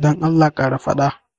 don Allah ƙara faɗa.